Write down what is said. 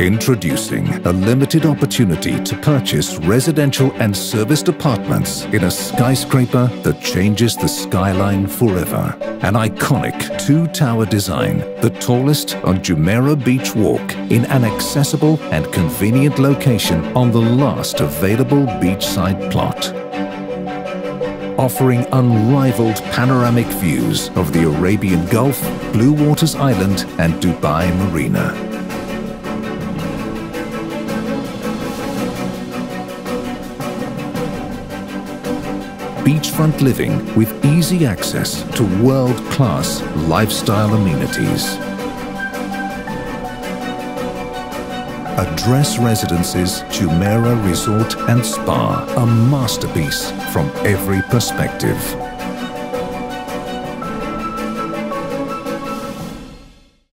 Introducing a limited opportunity to purchase residential and serviced apartments in a skyscraper that changes the skyline forever. An iconic two-tower design, the tallest on Jumeirah Beach Walk in an accessible and convenient location on the last available beachside plot offering unrivaled panoramic views of the Arabian Gulf, Blue Waters Island and Dubai Marina. beachfront living with easy access to world-class lifestyle amenities. Address Residences Jumeirah Resort and Spa, a masterpiece from every perspective.